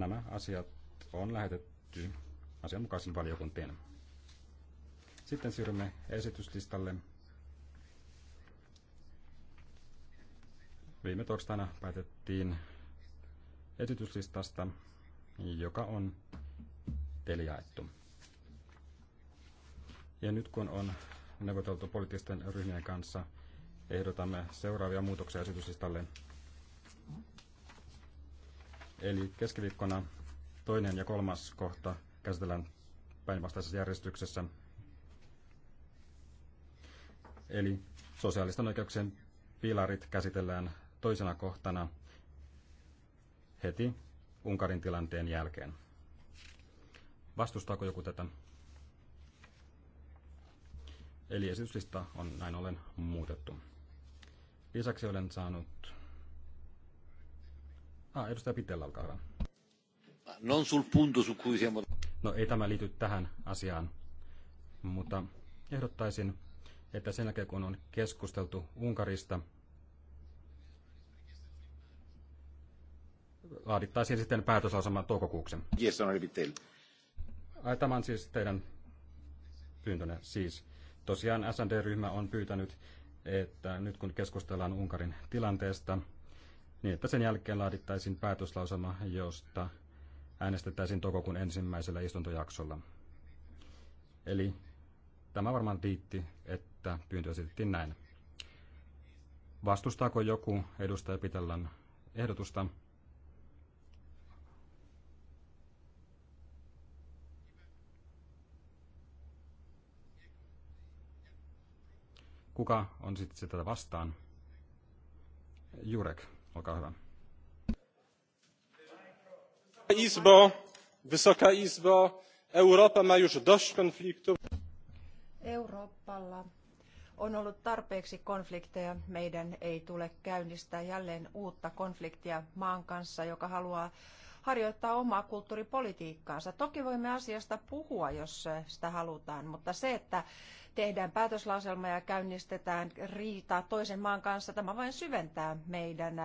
nämä asiat on lähetetty asianmukaisen valiokuntien. Sitten siirrymme esityslistalle. Viime torstaina päätettiin esityslistasta, joka on teille Ja nyt kun on neuvoteltu poliittisten ryhmien kanssa, ehdotamme seuraavia muutoksia esityslistalle Eli keskiviikkona toinen ja kolmas kohta käsitellään päinvastaisessa järjestyksessä. Eli sosiaalisten oikeuksien pilarit käsitellään toisena kohtana heti Unkarin tilanteen jälkeen. Vastustaako joku tätä? Eli esityslista on näin ollen muutettu. Lisäksi olen saanut Ah, edustaja Pitellä, olkaa hyvä. Non sul punto su cui siamo... No ei tämä liity tähän asiaan, mutta ehdottaisin, että sen jälkeen kun on keskusteltu Unkarista, laadittaisiin sitten päätöslausama toukokuuksi. Yes, on Ai, tämä on siis teidän pyyntönne. Siis tosiaan SND-ryhmä on pyytänyt, että nyt kun keskustellaan Unkarin tilanteesta, niin että sen jälkeen laadittaisiin päätöslausema, josta äänestettäisiin toukokuun ensimmäisellä istuntojaksolla. Eli tämä varmaan riitti, että pyyntö esitettiin näin. Vastustaako joku edustaja Pitellan ehdotusta? Kuka on sitten sitä vastaan? Jurek. Olkaa hyvä. Izbo, Wysoka Izbo, Europa ma już dość konfliktów. Euroopalla on ollut tarpeeksi konflikteja. Meidän ei tule käynnistää jälleen uutta konfliktia maan kanssa, joka haluaa harjoittaa omaa kulttuuripolitiikkaansa. Toki voimme asiasta puhua, jos sitä halutaan, mutta se, että tehdään päätöslauselma ja käynnistetään riitaa toisen maan kanssa. Tämä vain syventää meidän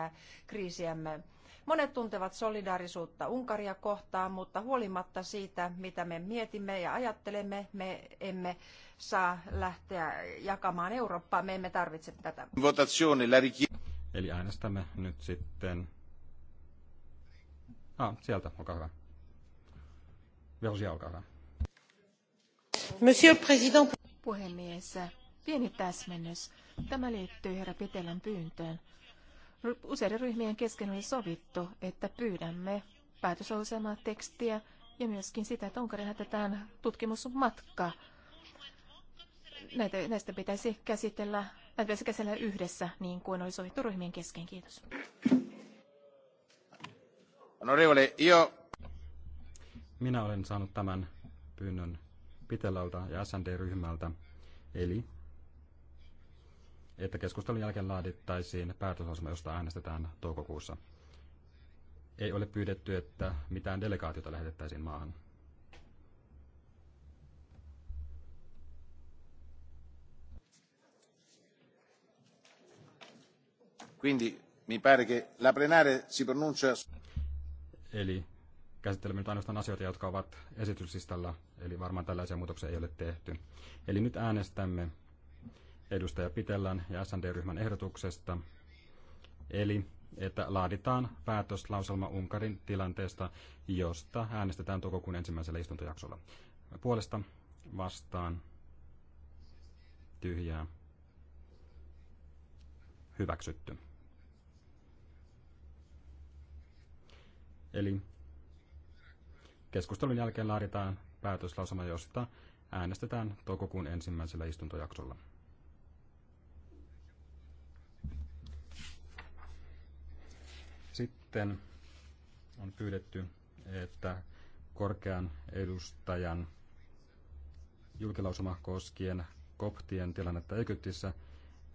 kriisiämme. Monet tuntevat solidaarisuutta Unkaria kohtaan, mutta huolimatta siitä, mitä me mietimme ja ajattelemme, me emme saa lähteä jakamaan Eurooppaa. Me emme tarvitse tätä. Eli äänestämme nyt sitten... Ah, sieltä, olkaa hyvä. Vergia, olkaa hyvä. Monsieur Président, puhemies. Pieni täsmennys. Tämä liittyy herra Pitelän pyyntöön. Useiden ryhmien kesken oli sovittu, että pyydämme päätösolosemaa tekstiä ja myöskin sitä, että onko hätetään tutkimusmatka. Näitä, näistä pitäisi käsitellä, näitä pitäisi käsitellä yhdessä, niin kuin oli sovittu ryhmien kesken. Kiitos. Onorevole, io... Minä olen saanut tämän pyynnön Pitelalta ja SND-ryhmältä, eli että keskustelun jälkeen laadittaisiin päätösosma, josta äänestetään toukokuussa. Ei ole pyydetty, että mitään delegaatiota lähetettäisiin maahan. Quindi mi pare che la si pronuncia... Eli käsittelemme nyt ainoastaan asioita, jotka ovat esityslistalla, eli varmaan tällaisia muutoksia ei ole tehty. Eli nyt äänestämme edustaja Pitellän ja SND-ryhmän ehdotuksesta, eli että laaditaan päätöslauselma Unkarin tilanteesta, josta äänestetään toukokuun ensimmäisellä istuntojaksolla. Puolesta vastaan tyhjää hyväksytty. Eli Keskustelun jälkeen laaditaan päätöslausuma, josta äänestetään toukokuun ensimmäisellä istuntojaksolla. Sitten on pyydetty, että korkean edustajan julkilausuma koskien koptien tilannetta Egyptissä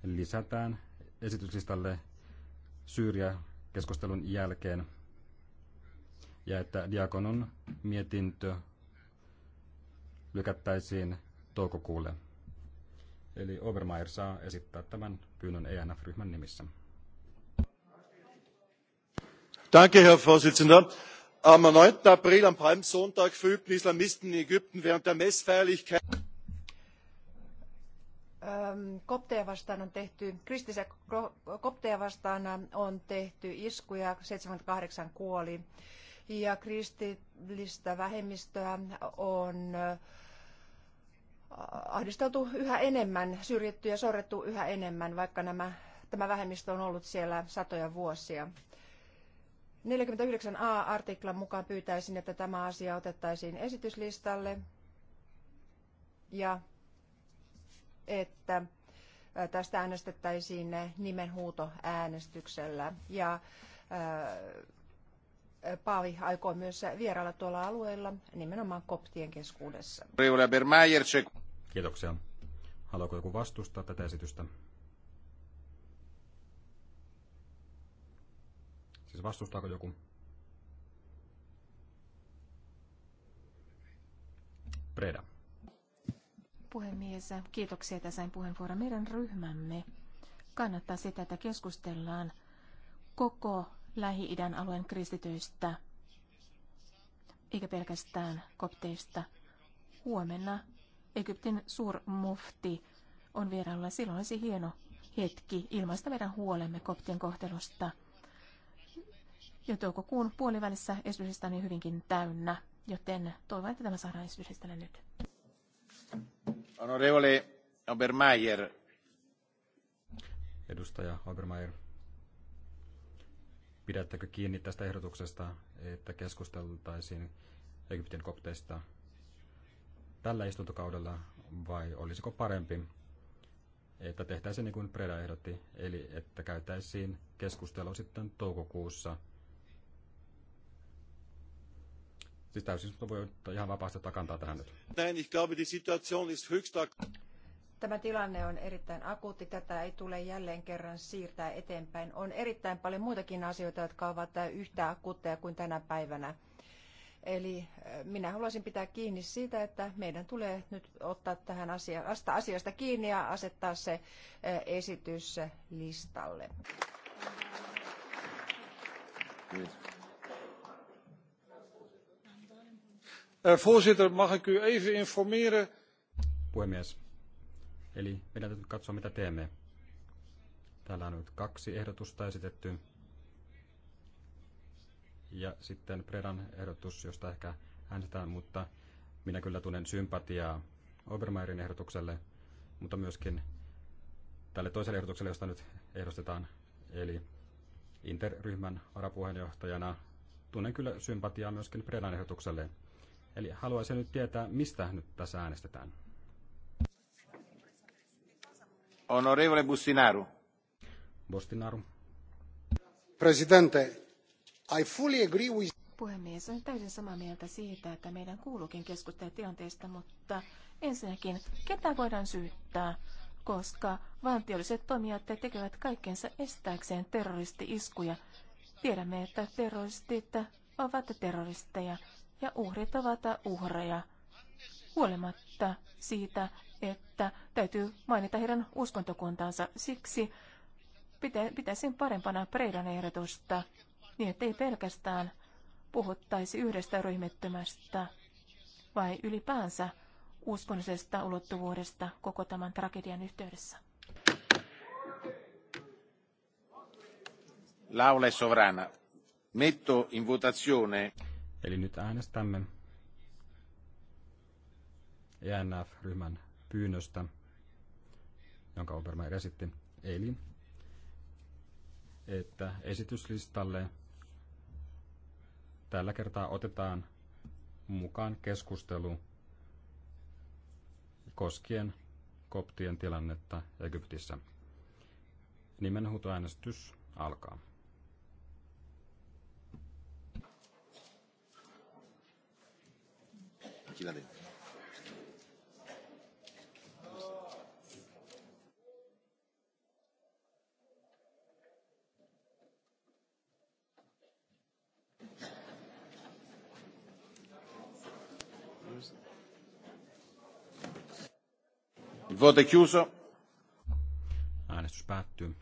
lisätään esityslistalle Syyriä-keskustelun jälkeen ja että Diakonon mietintö lykättäisiin toukokuulle. Eli Obermeier saa esittää tämän pyynnön ENF-ryhmän nimissä. Danke, Herr Vorsitzender. Am 9. April, am Palmsonntag, verübten Islamisten in Ägypten während der Messfeierlichkeit ähm, kopteja vastaan on tehty, kristillisiä kopteja vastaan on tehty iskuja, 78 kuoli ja kristillistä vähemmistöä on äh, ahdisteltu yhä enemmän, syrjitty ja sorrettu yhä enemmän, vaikka nämä, tämä vähemmistö on ollut siellä satoja vuosia. 49a-artiklan mukaan pyytäisin, että tämä asia otettaisiin esityslistalle ja että äh, tästä äänestettäisiin nimenhuutoäänestyksellä. Ja äh, Paavi aikoo myös vierailla tuolla alueella, nimenomaan koptien keskuudessa. Kiitoksia. Haluaako joku vastustaa tätä esitystä? Siis vastustaako joku? Preda. Puhemies, kiitoksia, että sain puheenvuoron. Meidän ryhmämme kannattaa sitä, että keskustellaan koko Lähi-idän alueen kristityistä, eikä pelkästään kopteista. Huomenna Egyptin suurmufti on vierailulla. Silloin olisi hieno hetki ilmaista meidän huolemme koptien kohtelusta. Jo toukokuun puolivälissä esitystä on hyvinkin täynnä, joten toivon, että tämä saadaan esitystä nyt. Honorevole Obermeier. Edustaja Obermeier pidättekö kiinni tästä ehdotuksesta, että keskusteltaisiin Egyptin kopteista tällä istuntokaudella, vai olisiko parempi, että tehtäisiin niin kuin Preda ehdotti, eli että käytäisiin keskustelua sitten toukokuussa. Siis täysin voi ottaa ihan vapaasti takantaa tähän nyt. Näin, ich glaube, die Situation ist höchst Tämä tilanne on erittäin akuutti, tätä ei tule jälleen kerran siirtää eteenpäin. On erittäin paljon muitakin asioita, jotka ovat yhtä akuutteja kuin tänä päivänä. Eli minä haluaisin pitää kiinni siitä, että meidän tulee nyt ottaa tähän asiasta, asiasta kiinni ja asettaa se esitys listalle. Eh, voorzitter, mag ik u even informeren? Puhemies, Eli meidän täytyy katsoa, mitä teemme. Täällä on nyt kaksi ehdotusta esitetty. Ja sitten Predan ehdotus, josta ehkä äänestetään, mutta minä kyllä tunnen sympatiaa Obermeierin ehdotukselle, mutta myöskin tälle toiselle ehdotukselle, josta nyt ehdostetaan, eli interryhmän varapuheenjohtajana tunnen kyllä sympatiaa myöskin Predan ehdotukselle. Eli haluaisin nyt tietää, mistä nyt tässä äänestetään. Onorevole Bustinaru. Bustinaru. Presidente, I fully agree with... Puhemies, olen täysin samaa mieltä siitä, että meidän kuuluukin keskustella tilanteesta, mutta ensinnäkin, ketä voidaan syyttää, koska valtiolliset toimijat tekevät kaikkensa estääkseen terroristi-iskuja. Tiedämme, että terroristit ovat terroristeja ja uhrit ovat uhreja, huolimatta siitä, että täytyy mainita heidän uskontokuntansa. Siksi pitä, pitäisin parempana Preidan ehdotusta niin, ettei pelkästään puhuttaisi yhdestä ryhmittymästä vai ylipäänsä uskonnollisesta ulottuvuudesta koko tämän tragedian yhteydessä. L'aula è sovrana. Metto in votazione. Eli nyt äänestämme ENF-ryhmän pyynnöstä, jonka Obermeier esitti, eilin, että esityslistalle tällä kertaa otetaan mukaan keskustelu koskien koptien tilannetta Egyptissä. Nimenhuutoäänestys alkaa. Kiitos. Vote chiuso. Äänestys päättyy.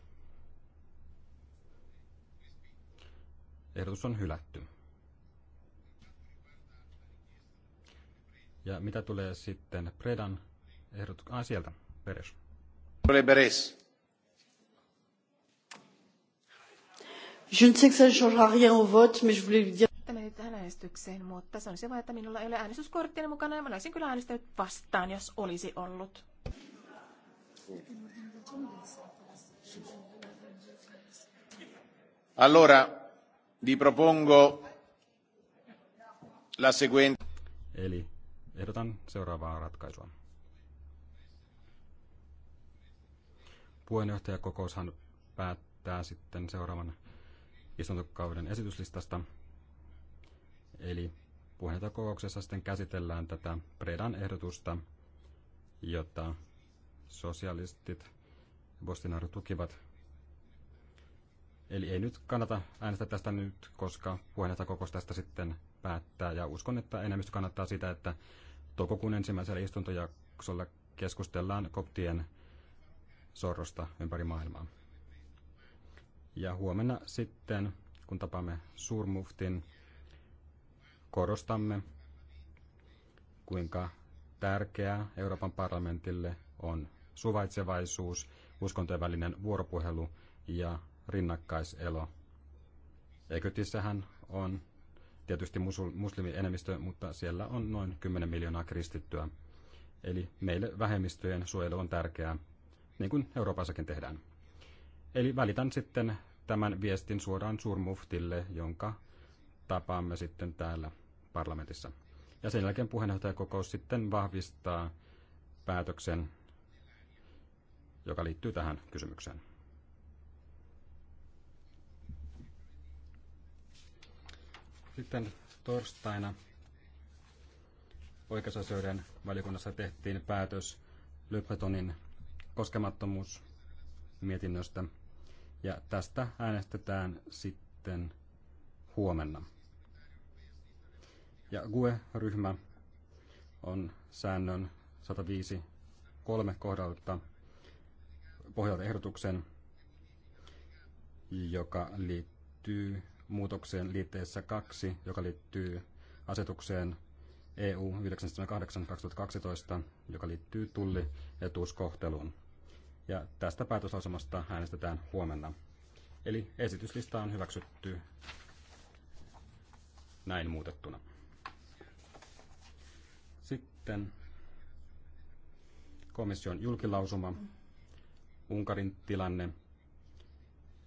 Ehdotus on hylätty. Ja mitä tulee sitten Predan ehdotuksen? Ah, sieltä, Peres. Tulee Peres. Je ne sais que ça ne changera rien au vote, mais je voulais lui dire että meni tähän äänestykseen, mutta se on se vain, että minulla ei ole äänestyskorttia niin mukana ja mä olisin kyllä äänestänyt vastaan, jos olisi ollut. Allora, vi propongo la seguente. Eli ehdotan seuraavaa ratkaisua. Puheenjohtajakokoushan päättää sitten seuraavan istuntokauden esityslistasta. Eli puheenjohtajakokouksessa sitten käsitellään tätä Predan ehdotusta, jota sosialistit Bostinaro tukivat. Eli ei nyt kannata äänestää tästä nyt, koska kokous tästä sitten päättää. Ja uskon, että enemmistö kannattaa sitä, että toukokuun ensimmäisellä istuntojaksolla keskustellaan koptien sorrosta ympäri maailmaa. Ja huomenna sitten, kun tapaamme suurmuftin, korostamme, kuinka tärkeää Euroopan parlamentille on suvaitsevaisuus, uskontojen välinen vuoropuhelu ja rinnakkaiselo. Egyptissähän on tietysti muslimienemmistö, mutta siellä on noin 10 miljoonaa kristittyä. Eli meille vähemmistöjen suojelu on tärkeää, niin kuin Euroopassakin tehdään. Eli välitän sitten tämän viestin suoraan suurmuftille, jonka tapaamme sitten täällä parlamentissa. Ja sen jälkeen puheenjohtajakokous sitten vahvistaa päätöksen joka liittyy tähän kysymykseen. Sitten torstaina oikeusasioiden valiokunnassa tehtiin päätös Lybretonin koskemattomuus ja tästä äänestetään sitten huomenna. Ja GUE-ryhmä on säännön 105.3 kohdalta pohjalta ehdotuksen, joka liittyy muutokseen liitteessä 2, joka liittyy asetukseen EU 978-2012, joka liittyy tullietuuskohteluun. Ja tästä päätöslausumasta äänestetään huomenna. Eli esityslista on hyväksytty näin muutettuna. Sitten komission julkilausuma. Unkarin tilanne.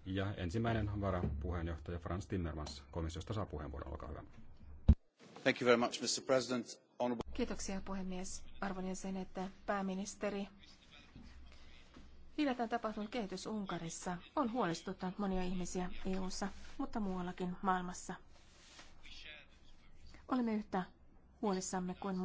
Ja ensimmäinen varapuheenjohtaja Frans Timmermans komissiosta saa puheenvuoron. Olkaa hyvä. Thank you very much, Mr. President. Kiitoksia puhemies. Arvon sen että pääministeri. Hiljattain tapahtunut kehitys Unkarissa on huolestuttanut monia ihmisiä EU:ssa, mutta muuallakin maailmassa. Olemme yhtä huolissamme kuin